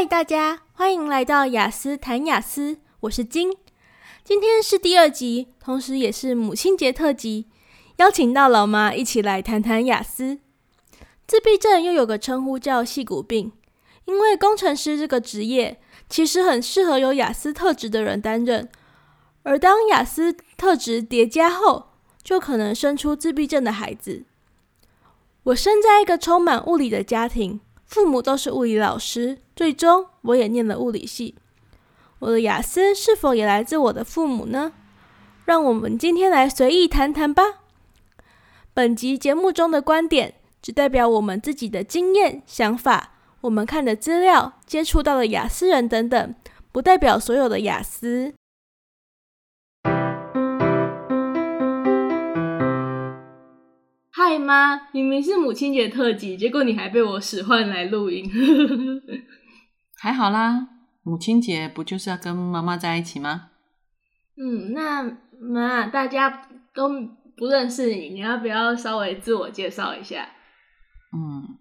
嗨，大家歡迎來到亞斯談亞斯，我是鯨。今天是第二集，同時也是母親節特輯，邀請到老媽一起來談談亞斯。自閉症又有個稱呼叫“矽谷病”，因為工程師這個職業其實很適合有亞斯特質的人擔任，而當亞斯特質疊加後，就可能生出自閉症的孩子。我生在一個充滿物理的家庭。父母都是物理老師，最終我也念了物理系。我的亞斯是否也來自我的父母呢？讓我們今天來隨意談談吧。本集節目中的觀點只代表我們自己的經驗、想法、我們看的資料、接觸到的亞斯人等等，不代表所有的亞斯。媽，明明是母親節特輯，結果你還被我使喚來錄音。 還好啦，母親節不就是要跟媽媽在一起嗎？嗯，那媽，大家都不認識你，你要不要稍微自我介紹一下？嗯，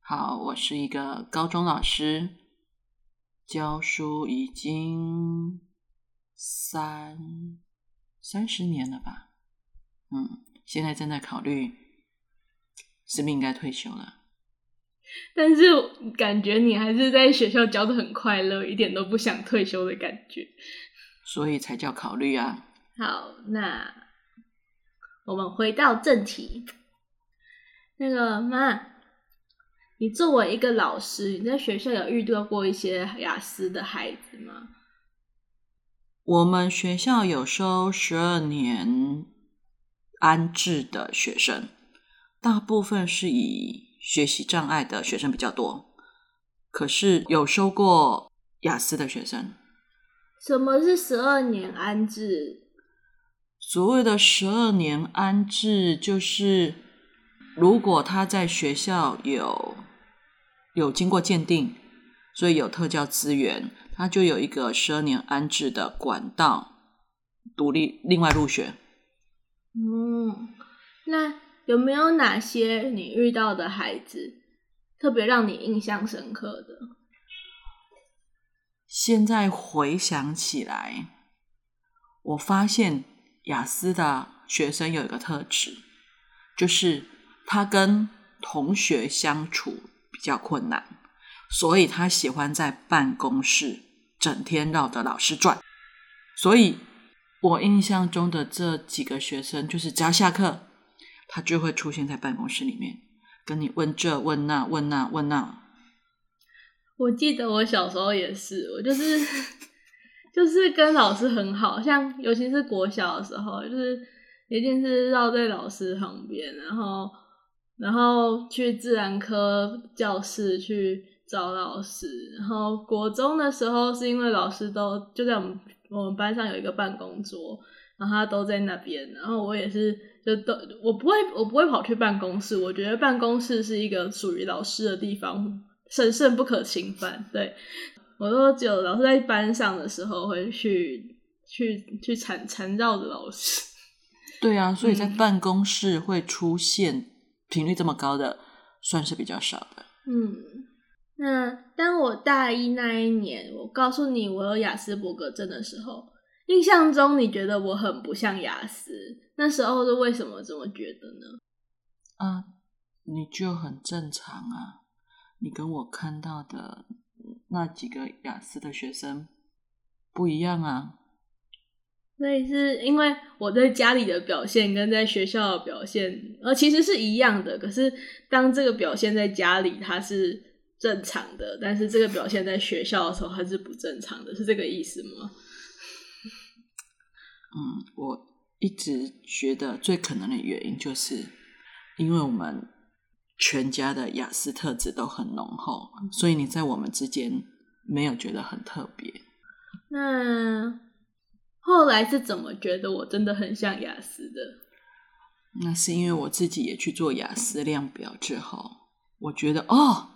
好，我是一個高中老師，教書已經三三十年了吧。嗯，現在正在考慮。是不是應該退休了？但是感覺你還是在學校教得很快樂，一點都不想退休的感覺。所以才叫考慮啊。好，那我們回到正題。那個媽，你作為一個老師，你在學校有遇到過一些亞斯的孩子嗎？我們學校有收十二年安置的學生。大部分是以學習障礙的學生比較多，可是有收過亞斯的學生。什麼是十二年安置？所謂的十二年安置，就是如果他在學校有有經過鑑定，所以有特教資源，他就有一個十二年安置的管道，獨立另外入學。嗯，那。有沒有哪些你遇到的孩子特別讓你印象深刻的？現在回想起來，我發現亞斯的學生有一個特質，就是他跟同學相處比較困難，所以他喜歡在辦公室整天繞着老師轉。所以我印象中的這幾個學生，就是只要下課。他就會出現在辦公室裡面，跟你問這問那問那問那。我記得我小時候也是，我就是 就是跟老師很好，像尤其是國小的時候，就是一定是繞在老師旁邊，然後然後去自然科教室去找老師。然後國中的時候，是因為老師都就在我們我們班上有一個辦公桌，然後他都在那邊，然後我也是。我不會，我不會跑去辦公室。我覺得辦公室是一個屬於老師的地方，神聖不可侵犯。對。我都只有老師在班上的時候會去，去，去纏纏繞着老師。對啊，所以在辦公室會出現頻率這麼高的，嗯，算是比較少的。嗯，那當我大一那一年，我告訴你我有亞斯伯格症的時候。印象中你覺得我很不像亞斯，那時候是為什麼這麼覺得呢？啊，你就很正常啊，你跟我看到的那幾個亞斯的學生不一樣啊。所以是因為我在家裡的表現跟在學校的表現呃，其實是一樣的，可是當這個表現在家裡它是正常的，但是這個表現在學校的時候它是不正常的，是這個意思嗎？嗯，我一直覺得最可能的原因就是，因為我們全家的亞斯特質都很濃厚，所以你在我們之間沒有覺得很特別。那後來是怎麼覺得我真的很像亞斯的？那是因為我自己也去做亞斯量表之後，我覺得哦，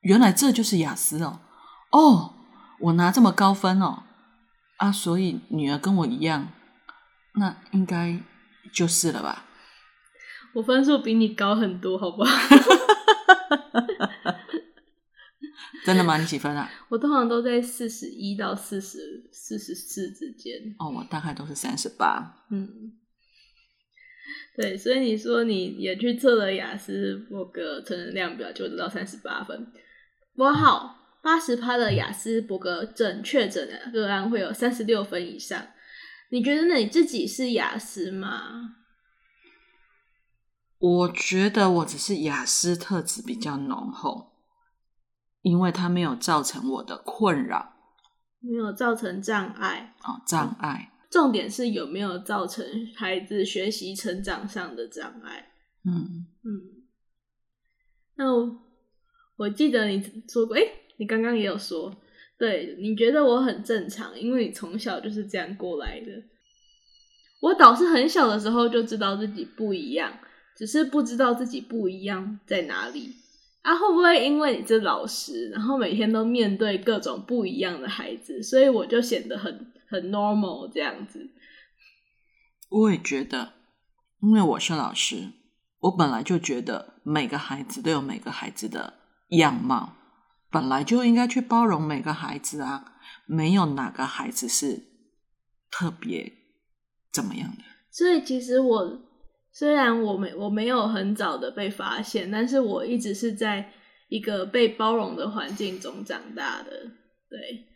原來這就是亞斯哦，哦，我拿這麼高分哦，啊，所以女兒跟我一樣。那應該就是了吧？我分數比你高很多，好不好？ 真的嗎？你幾分啊？我通常都在四十一到四十四十四之間。哦，我大概都是三十八。嗯，對，所以你說你也去測了亞斯伯格成人量表，就得到三十八分。我好，八十趴的亞斯伯格症確診的個案會有三十六分以上。你覺得你自己是亞斯嗎？我覺得我只是亞斯特質比較濃厚，因為它沒有造成我的困擾，沒有造成障礙。哦，障礙。重點是有沒有造成孩子學習成長上的障礙？嗯嗯。那我，我記得你說過，誒、欸、你剛剛也有說。對，你覺得我很正常，因為你從小就是這樣過來的。我倒是很小的時候就知道自己不一樣，只是不知道自己不一樣在哪裡。啊，會不會因為你是老師，然後每天都面對各種不一樣的孩子，所以我就顯得很很 normal 這樣子？我也覺得，因為我是老師，我本來就覺得每個孩子都有每個孩子的樣貌。本來就應該去包容每個孩子啊，沒有哪個孩子是特別怎麼樣的。所以其實我雖然我沒我沒有很早的被發現，但是我一直是在一個被包容的環境中長大的。對，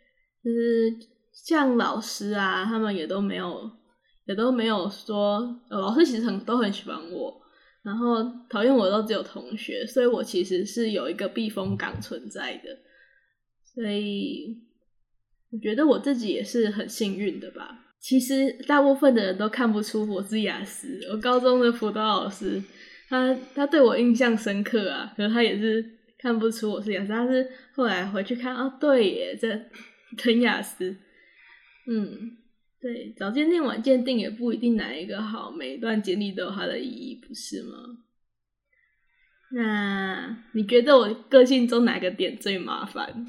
就是像老師啊，他們也都沒有也都沒有說，哦，老師其實很都很喜歡我。然後討厭我都只有同學，所以我其實是有一個避風港存在的，所以我覺得我自己也是很幸運的吧。其實大部分的人都看不出我是亞斯，我高中的輔導老師，他他對我印象深刻啊，可是他也是看不出我是亞斯。但是後來回去看，啊、哦，對耶，這很亞斯，嗯。對，早鑑定、晚鑑定也不一定哪一個好，每一段經歷都有它的意義，不是嗎？那你覺得我個性中哪個點最麻煩？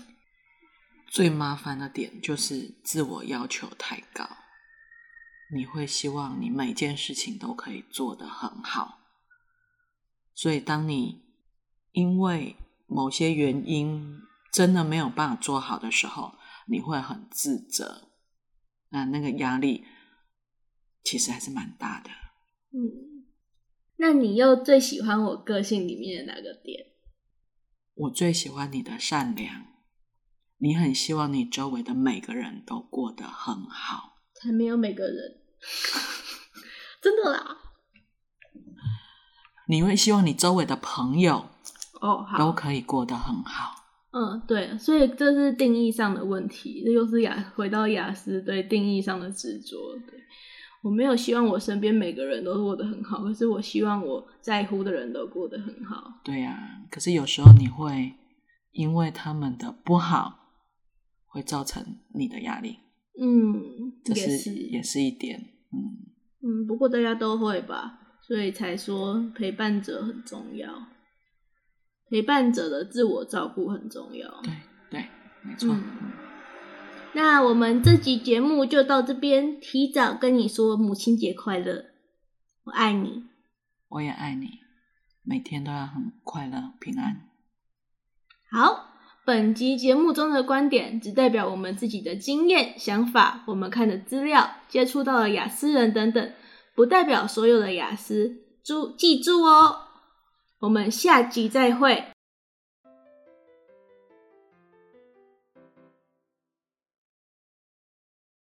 最麻煩的點就是自我要求太高，你會希望你每件事情都可以做得很好，所以當你因為某些原因真的沒有辦法做好的時候，你會很自責。那那個壓力其實還是蠻大的。嗯，那你又最喜歡我個性裡面的哪個點？我最喜歡你的善良。你很希望你周圍的每個人都過得很好。才沒有每個人？ 真的啦。你會希望你周圍的朋友哦，都可以過得很好。Oh, 好。嗯，對、啊，所以這是定義上的問題，這就是亞回到亞斯對定義上的執着。對。我沒有希望我身邊每個人都過得很好，可是我希望我在乎的人都過得很好。對呀、啊，可是有時候你會因為他們的不好，會造成你的壓力。嗯，這是也是，也是一點。嗯嗯，不過大家都會吧，所以才說陪伴者很重要。陪伴者的自我照顧很重要。對對，沒錯、嗯。那我們這集節目就到這邊，提早跟你說母親節快樂，我愛你。我也愛你，每天都要很快樂、平安。好，本集節目中的觀點只代表我們自己的經驗、想法，我們看的資料、接觸到的亞斯人等等，不代表所有的亞斯。住，記住哦。我們下集再會。